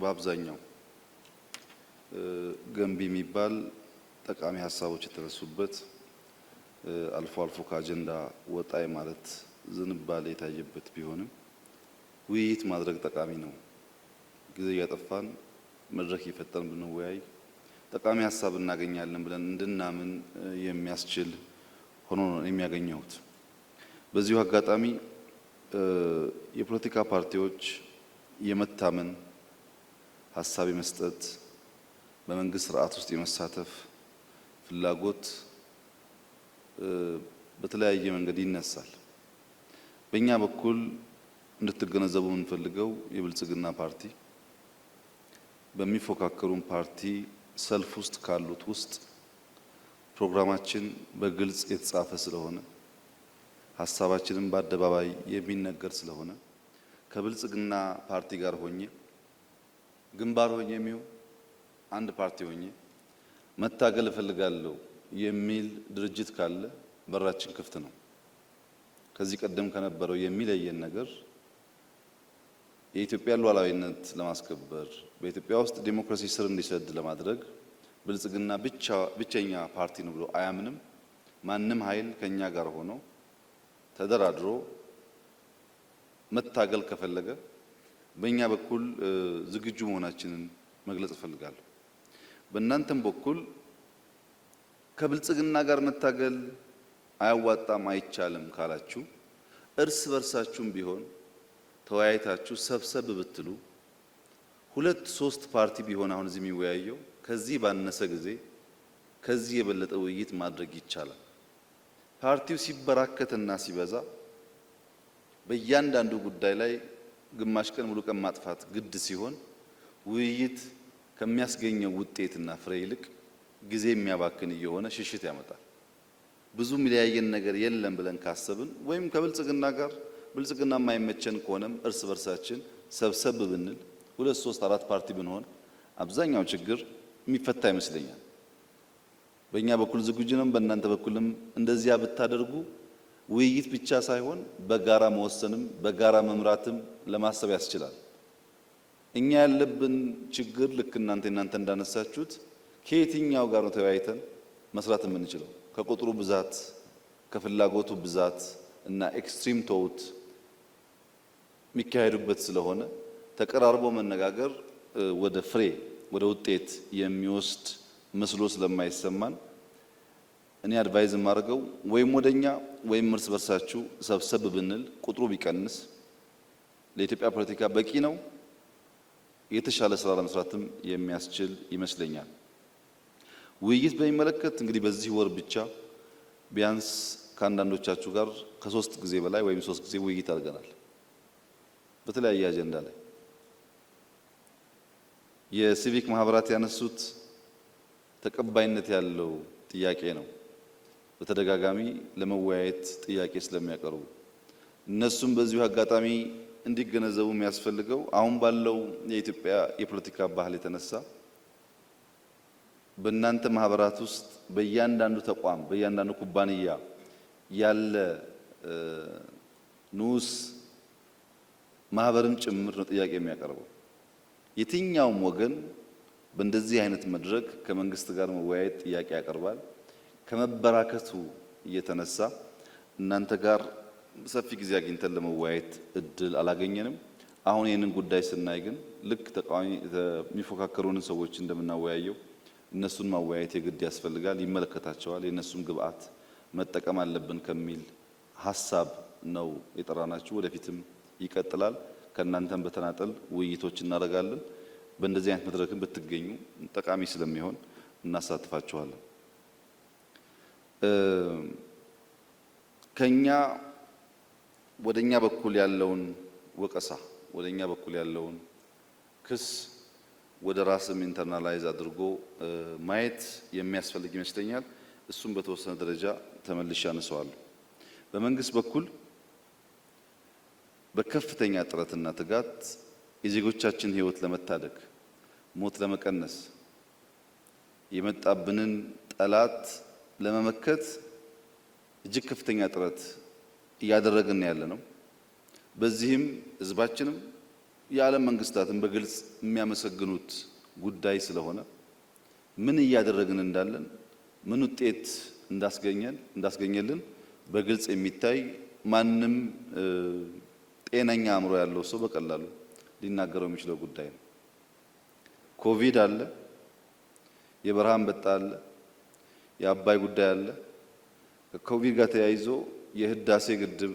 በአብዛኛው ገንቢ የሚባል ጠቃሚ ሀሳቦች የተነሱበት አልፎ አልፎ ከአጀንዳ ወጣ ማለት ዝንባሌ የታየበት ቢሆንም ውይይት ማድረግ ጠቃሚ ነው። ጊዜ እያጠፋን መድረክ እየፈጠርን ብንወያይ ጠቃሚ ሀሳብ እናገኛለን ብለን እንድናምን የሚያስችል ሆኖ ነው የሚያገኘሁት። በዚሁ አጋጣሚ የፖለቲካ ፓርቲዎች የመታመን ሀሳብ የመስጠት በመንግስት ስርዓት ውስጥ የመሳተፍ ፍላጎት በተለያየ መንገድ ይነሳል። በእኛ በኩል እንድትገነዘቡ የምንፈልገው የብልጽግና ፓርቲ በሚፎካከሩን ፓርቲ ሰልፍ ውስጥ ካሉት ውስጥ ፕሮግራማችን በግልጽ የተጻፈ ስለሆነ ሀሳባችንም በአደባባይ የሚነገር ስለሆነ ከብልጽግና ፓርቲ ጋር ሆኜ ግንባር ሆኜ የሚው አንድ ፓርቲ ሆኜ መታገል እፈልጋለሁ የሚል ድርጅት ካለ በራችን ክፍት ነው። ከዚህ ቀደም ከነበረው የሚለየን ነገር የኢትዮጵያ ሉዓላዊነት ለማስከበር በኢትዮጵያ ውስጥ ዴሞክራሲ ስር እንዲሰድ ለማድረግ ብልጽግና ብቻ ብቸኛ ፓርቲ ነው ብሎ አያምንም። ማንም ኃይል ከኛ ጋር ሆኖ ተደራድሮ መታገል ከፈለገ በእኛ በኩል ዝግጁ መሆናችንን መግለጽ እፈልጋለሁ። በእናንተም በኩል ከብልጽግና ጋር መታገል አያዋጣም፣ አይቻልም ካላችሁ እርስ በርሳችሁም ቢሆን ተወያይታችሁ ሰብሰብ ብትሉ ሁለት ሶስት ፓርቲ ቢሆን አሁን እዚህ የሚወያየው ከዚህ ባነሰ ጊዜ ከዚህ የበለጠ ውይይት ማድረግ ይቻላል። ፓርቲው ሲበራከትና ሲበዛ በእያንዳንዱ ጉዳይ ላይ ግማሽ ቀን ሙሉ ቀን ማጥፋት ግድ ሲሆን ውይይት ከሚያስገኘው ውጤትና ፍሬ ይልቅ ጊዜ የሚያባክን እየሆነ ሽሽት ያመጣል። ብዙ የሚለያየን ነገር የለም ብለን ካሰብን ወይም ከብልጽግና ጋር ብልጽግና የማይመቸን ከሆነም እርስ በርሳችን ሰብሰብ ብንል ሁለት ሶስት አራት ፓርቲ ብንሆን አብዛኛው ችግር የሚፈታ ይመስለኛል። በእኛ በኩል ዝግጁ ነን፣ በእናንተ በኩልም እንደዚያ ብታደርጉ ውይይት ብቻ ሳይሆን በጋራ መወሰንም በጋራ መምራትም ለማሰብ ያስችላል። እኛ ያለብን ችግር ልክ እናንተ እናንተ እንዳነሳችሁት ከየትኛው ጋር ነው ተወያይተን መስራት የምንችለው? ከቁጥሩ ብዛት፣ ከፍላጎቱ ብዛት እና ኤክስትሪም ተውት የሚካሄዱበት ስለሆነ ተቀራርቦ መነጋገር ወደ ፍሬ ወደ ውጤት የሚወስድ መስሎ ስለማይሰማን እኔ አድቫይዝ የማደርገው ወይም ወደኛ ወይም እርስ በርሳችሁ ሰብሰብ ብንል ቁጥሩ ቢቀንስ ለኢትዮጵያ ፖለቲካ በቂ ነው። የተሻለ ስራ ለመስራትም የሚያስችል ይመስለኛል። ውይይት በሚመለከት እንግዲህ በዚህ ወር ብቻ ቢያንስ ከአንዳንዶቻችሁ ጋር ከሶስት ጊዜ በላይ ወይም ሶስት ጊዜ ውይይት አድርገናል በተለያየ አጀንዳ ላይ የሲቪክ ማህበራት ያነሱት ተቀባይነት ያለው ጥያቄ ነው። በተደጋጋሚ ለመወያየት ጥያቄ ስለሚያቀርቡ እነሱም በዚሁ አጋጣሚ እንዲገነዘቡ የሚያስፈልገው አሁን ባለው የኢትዮጵያ የፖለቲካ ባህል የተነሳ በእናንተ ማህበራት ውስጥ በእያንዳንዱ ተቋም በእያንዳንዱ ኩባንያ ያለ ንዑስ ማህበርም ጭምር ነው ጥያቄ የሚያቀርበው። የትኛውም ወገን በእንደዚህ አይነት መድረክ ከመንግስት ጋር መወያየት ጥያቄ ያቀርባል። ከመበራከቱ የተነሳ እናንተ ጋር ሰፊ ጊዜ አግኝተን ለመወያየት እድል አላገኘንም። አሁን ይህንን ጉዳይ ስናይ ግን ልክ ተቃዋሚ የሚፎካከሩንን ሰዎች እንደምናወያየው እነሱን ማወያየት የግድ ያስፈልጋል፣ ይመለከታቸዋል፣ የእነሱን ግብአት መጠቀም አለብን ከሚል ሀሳብ ነው የጠራናችሁ። ወደፊትም ይቀጥላል። ከእናንተም በተናጠል ውይይቶች እናደርጋለን። በእንደዚህ አይነት መድረክም ብትገኙ ጠቃሚ ስለሚሆን እናሳትፋችኋለን። ከኛ ወደኛ በኩል ያለውን ወቀሳ ወደኛ በኩል ያለውን ክስ ወደ ራስም ኢንተርናላይዝ አድርጎ ማየት የሚያስፈልግ ይመስለኛል። እሱም በተወሰነ ደረጃ ተመልሼ አነሳዋለሁ። በመንግስት በኩል በከፍተኛ ጥረትና ትጋት የዜጎቻችን ሕይወት ለመታደግ ሞት ለመቀነስ የመጣብንን ጠላት ለመመከት እጅግ ከፍተኛ ጥረት እያደረግን ያለ ነው። በዚህም ህዝባችንም የዓለም መንግስታትን በግልጽ የሚያመሰግኑት ጉዳይ ስለሆነ ምን እያደረግን እንዳለን ምን ውጤት እንዳስገኘን እንዳስገኘልን በግልጽ የሚታይ ማንም ጤነኛ አእምሮ ያለው ሰው በቀላሉ ሊናገረው የሚችለው ጉዳይ ነው። ኮቪድ አለ፣ የበረሃ አንበጣ አለ፣ የአባይ ጉዳይ አለ። ከኮቪድ ጋር ተያይዞ የህዳሴ ግድብ